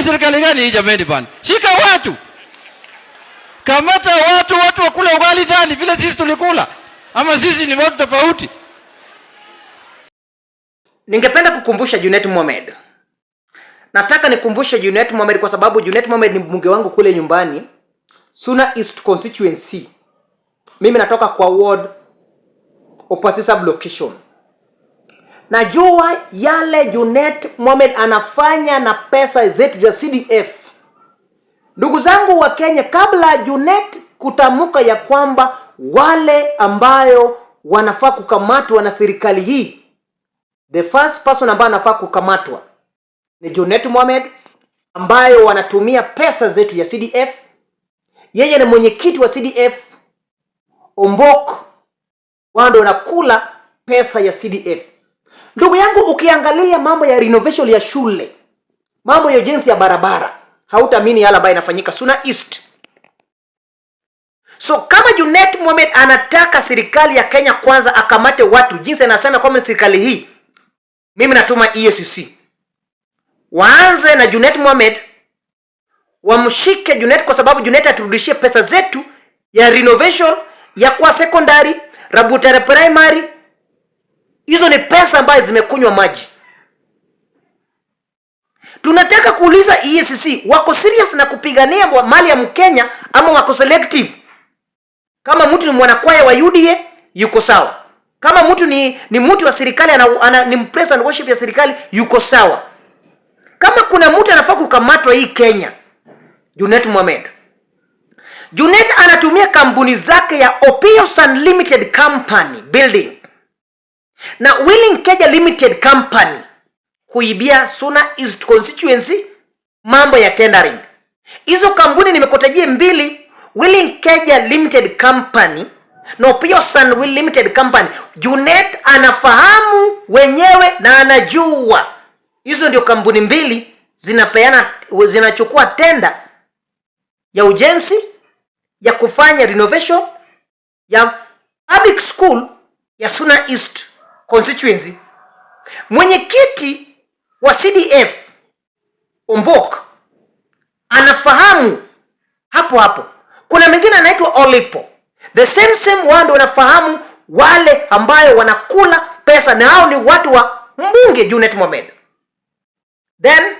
Hii serikali gani hii jamani bwana? Shika watu. Kamata watu, watu wakula ugali ndani vile sisi tulikula. Ama sisi ni watu tofauti. Ningependa kukumbusha Junet Mohamed. Nataka nikumbushe Junet Mohamed kwa sababu Junet Mohamed ni mbunge wangu kule nyumbani Suna East constituency. Mimi natoka kwa ward opposite sublocation. Najua yale Junet Mohamed anafanya na pesa zetu za CDF. Ndugu zangu wa Kenya, kabla Junet kutamka ya kwamba wale ambayo wanafaa kukamatwa na serikali hii, the first person ambayo anafaa kukamatwa ni Junet Mohamed ambayo wanatumia pesa zetu ya CDF. Yeye ni mwenyekiti wa CDF. Ombok wao ndio wanakula pesa ya CDF. Ndugu yangu, ukiangalia mambo ya renovation ya shule, mambo ya ujenzi ya barabara, hautaamini yale ambayo inafanyika Suna East. So kama Junet Mohamed anataka serikali ya Kenya kwanza akamate watu jinsi anasema kwamba serikali hii, mimi natuma EACC waanze na Junet Mohamed, wamshike Junet kwa sababu Junet aturudishie pesa zetu ya renovation ya kwa secondary Rabutere primary Hizo ni pesa ambazo zimekunywa maji. Tunataka kuuliza esc wako serious na kupigania mali ya Mkenya ama wako selective? Kama mtu ni mwanakwaya wa UDA yuko sawa, kama mtu ni, ni mtu wa serikali ana, ana, ni and worship ya serikali yuko sawa. Kama kuna mtu anafaa kukamatwa hii Kenya, Junet Mohamed. Junet anatumia kampuni zake ya Opios Unlimited Company building na Willing Keja Limited Company kuibia Suna is Constituency mambo ya tendering. Hizo kampuni nimekotajia mbili, Willing Keja Limited Company na Opiyo will Limited Company. Junet anafahamu wenyewe na anajua hizo ndio kampuni mbili zinapeana, zinachukua tenda ya ujenzi ya kufanya renovation ya public school ya Suna East constituency, mwenyekiti wa CDF Ombok anafahamu hapo hapo. Kuna mwingine anaitwa Olipo, the same same one ndio wanafahamu wale ambayo wanakula pesa, na hao ni watu wa mbunge Junet Mohamed. Then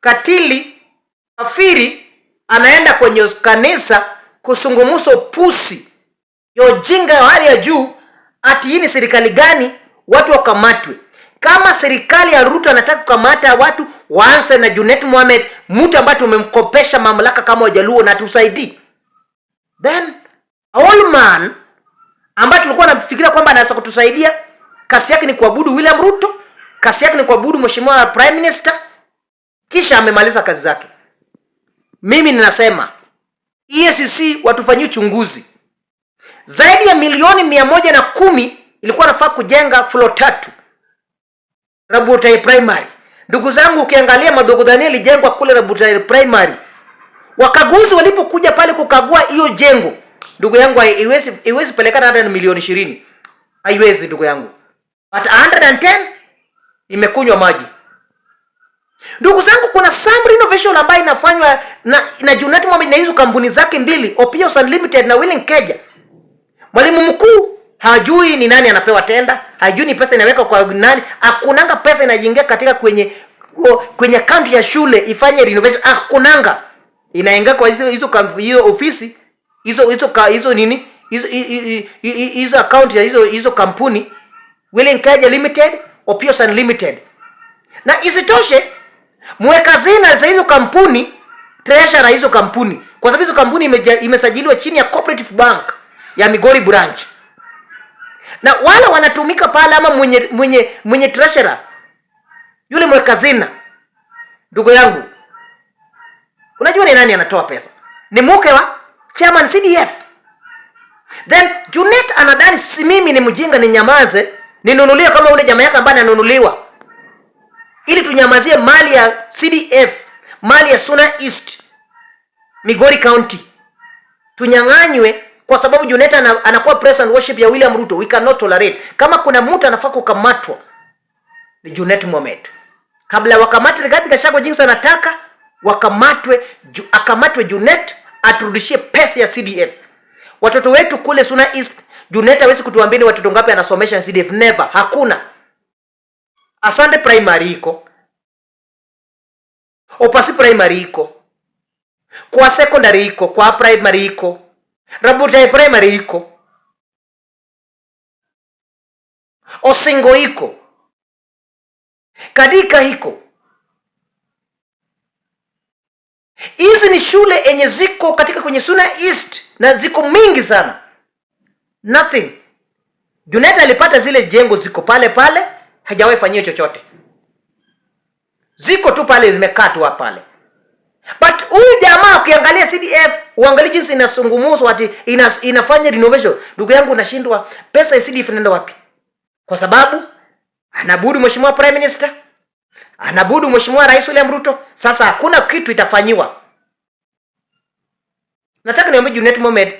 katili kafiri anaenda kwenye kanisa kusungumusa upusi ya hali ya juu ati hii ni serikali gani watu wakamatwe? Kama serikali ya Ruto anataka kukamata watu, waanze na Junet Mohamed, mtu ambaye tumemkopesha mamlaka kama Wajaluo na tusaidii. Then all man ambaye tulikuwa nafikiria kwamba anaweza kutusaidia, kasi yake ni kuabudu William Ruto, kasi yake ni kuabudu mheshimiwa prime minister, kisha amemaliza kazi zake. Mimi ninasema esc watufanyie uchunguzi zaidi ya milioni mia moja na kumi ilikuwa nafaa kujenga flo tatu Rabutai Primary. Ndugu zangu, ukiangalia Madhogodhania ilijengwa kule Rabutai Primary. Wakaguzi walipokuja pale kukagua hiyo jengo, ndugu yangu, haiwezi haiwezi pelekana hata na milioni ishirini, haiwezi ndugu yangu, but 110 imekunywa maji. Ndugu zangu, kuna some renovation ambayo inafanywa na na Junet Mohammed na hizo kampuni zake mbili Opios Unlimited na Willing Keja. Mwalimu mkuu hajui ni nani anapewa tenda, hajui ni pesa inaweka kwa nani. akunanga pesa inajiingia katika kwenye kwenye kaunti ya shule ifanye renovation, akunanga Inaingia kwa hizo hizo hiyo ofisi hizo hizo hizo nini hizo hizo akaunti ya hizo hizo kampuni willing kaja Limited, Opios Unlimited. Na isitoshe mweka zina za hizo kampuni treasurer hizo kampuni, kwa sababu hizo kampuni imesajiliwa chini ya cooperative bank ya Migori branch, na wale wanatumika pale ama mwenye mwenye mwenye treasurer yule mwekazina, ndugu yangu, unajua ni nani anatoa pesa? Ni mke wa chairman CDF. Then Junet anadhani si mimi ni mjinga, ni nyamaze ninunuliwe kama ule jamaa yake ambaye ananunuliwa, ili tunyamazie mali ya CDF, mali ya Suna East Migori County, tunyang'anywe kwa sababu Juneta anakuwa press and worship ya William Ruto. We cannot tolerate. Kama kuna mtu anafaa kukamatwa ni Junet Mohamed, kabla wakamate Rigathi Gachagua jinsi anataka wakamatwe, ju, akamatwe Junet aturudishie pesa ya CDF. Watoto wetu kule Suna East, Junet hawezi kutuambia ni watoto ngapi anasomesha CDF. Never, hakuna. Asante primary iko Opasi primary iko kwa secondary iko kwa primary iko ya primary iko Osingo, iko Kadika, iko hizi ni shule yenye ziko katika kwenye Suna East na ziko mingi sana nothing. Junet alipata zile jengo ziko pale pale, hajawahi fanyia chochote, ziko tu pale zimekatwa pale, but huyu jamaa ukiangalia CDF Uangalie jinsi inasungumuzwa ati inas, inafanya renovation. Ndugu yangu unashindwa pesa isidi inaenda wapi? Kwa sababu anabudu mheshimiwa prime minister, anabudu mheshimiwa Rais William Ruto. Sasa hakuna kitu itafanyiwa. Nataka niombe Junet Mohamed,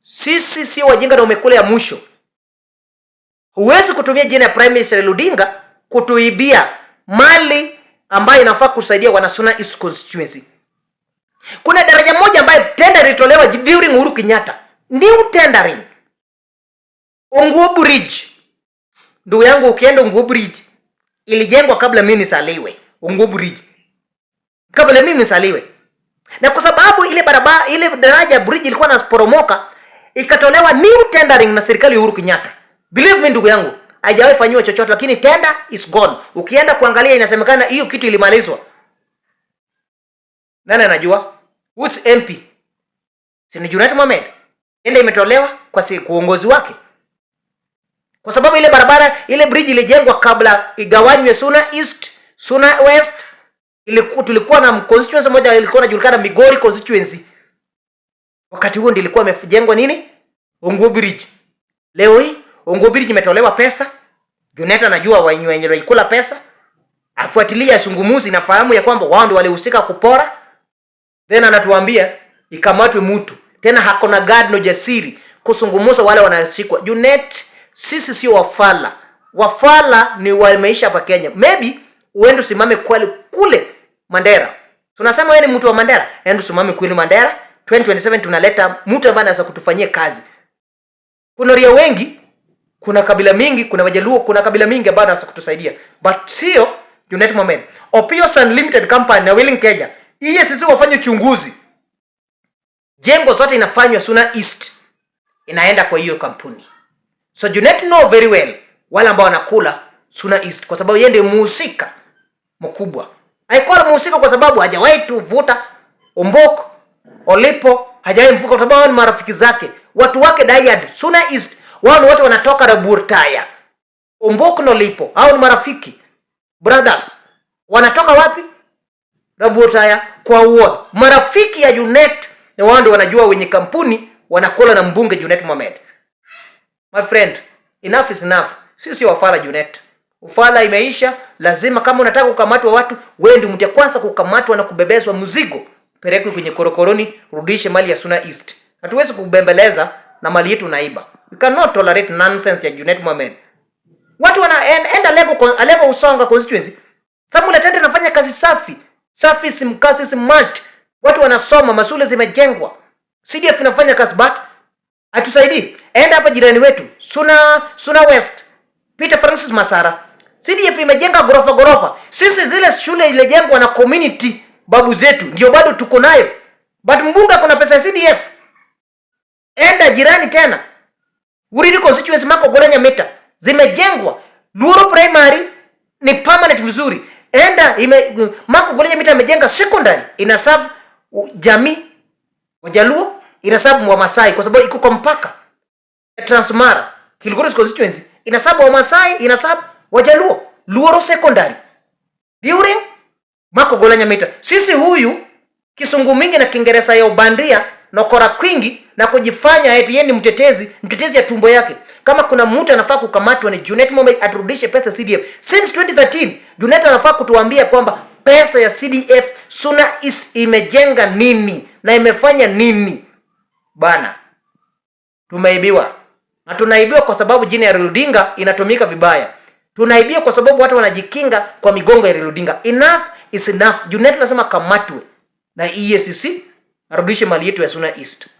sisi si wajinga na umekula ya mwisho. Huwezi kutumia jina ya prime minister Ludinga kutuibia mali ambayo inafaa kusaidia wanasuna East constituency. Kuna daraja moja alitolewa during Uhuru Kenyatta. New tendering Onguo Bridge, ndugu yangu, ukienda Onguo Bridge ilijengwa kabla mimi nisaliwe. Onguo Bridge kabla mimi nisaliwe, na kwa sababu ile barabara ile daraja bridge ilikuwa inaporomoka, ikatolewa new tendering na serikali ya Uhuru Kenyatta. Believe me ndugu yangu, haijawahi fanyiwa chochote, lakini tender is gone. Ukienda kuangalia, inasemekana hiyo kitu ilimalizwa. Nani anajua? Who's MP? si ni Junet Mohamed tenda imetolewa kwa si kuongozi wake, kwa sababu ile barabara ile bridge ilijengwa kabla igawanywe Suna East Suna West. Ilikuwa tulikuwa na constituency moja ilikuwa inajulikana Migori constituency, wakati huo ndio ilikuwa imejengwa nini Ongo Bridge. Leo hii Ongo Bridge imetolewa pesa. Junet anajua wenye wenye walikula pesa, afuatilia sungumuzi na fahamu ya kwamba wao ndio walihusika kupora, then anatuambia ikamatwe mtu tena, hakona gad no jasiri kusungumusa wale wanashikwa. Junet, sisi sio wafala. Wafala ni wa maisha hapa Kenya. Maybe uende usimame kweli kule Mandera, tunasema wewe ni mtu wa Mandera, ende usimame kweli Mandera 2027 tunaleta mtu ambaye anaweza kutufanyia kazi. Kuna ria wengi, kuna kabila mingi, kuna Wajaluo, kuna kabila mingi ambayo anaweza kutusaidia, but sio Junet Mohamed. Opios Unlimited Company na Willing Kenya, iye sisi wafanye uchunguzi Jengo zote inafanywa Suna East inaenda kwa hiyo kampuni. So you Junet know very well wale ambao wanakula Suna East kwa sababu yeye ndiye muhusika mkubwa. Haikuwa muhusika kwa sababu hajawahi tuvuta Ombok, Olipo, hajawahi mvuka kwa sababu ni marafiki zake. Watu wake Dayad, Suna East, wao ni watu wanatoka Raburtaya. Ombok na Olipo, hao ni marafiki. Brothers, wanatoka wapi? Raburtaya kwa uod. Marafiki ya Junet na wao ndio wanajua wenye kampuni wanakola na mbunge Junet Mohamed. My friend, enough is enough. Sisi wafala Junet. Ufala imeisha, lazima kama unataka kukamatwa watu, wewe ndio mtu kwanza kukamatwa na kubebezwa mzigo. Pelekwe kwenye korokoroni, rudishe mali ya Suna East. Hatuwezi kubembeleza na mali yetu naiba. We cannot tolerate nonsense ya Junet Mohamed. Watu wanaenda level level Usonga constituency. Samuel Letende anafanya kazi safi. Safi simkasi smart watu wanasoma, masule zimejengwa, CDF inafanya kazi but hatusaidii. Enda hapa jirani wetu Suna, Suna West, Peter Francis Masara, CDF imejenga gorofa gorofa. Sisi zile shule ilijengwa na community babu zetu ndio bado tuko nayo, but mbunga kuna pesa ya CDF. Enda jirani tena Uriri constituency mako gorenya meta zimejengwa. Luoro primary ni permanent vizuri. Enda ime, mako gorenya meta imejenga secondary ina serve jamii Wajaluo inasabu Wamasai kwa sababu iko kwa mpaka Transmara, Kilgoris constituency inasabu Wamasai, inasabu Wajaluo, Luoro secondary, During Makogola Nyamita. Sisi huyu kisungu mingi na Kiingereza ya ubandia na kora kwingi na kujifanya eti yeye ni mtetezi, mtetezi ya tumbo yake. Kama kuna mtu anafaa kukamatwa ni Junet Mohamed aturudishe pesa CDF. Since 2013 Junet anafaa kutuambia kwamba pesa ya CDF Suna East imejenga nini na imefanya nini bana? Tumeibiwa na tunaibiwa kwa sababu jina ya Riludinga inatumika vibaya. Tunaibiwa kwa sababu watu wanajikinga kwa migongo ya rudinga Enough is enough. junet nasema kamatwe na EACC arudishe mali yetu ya Suna East.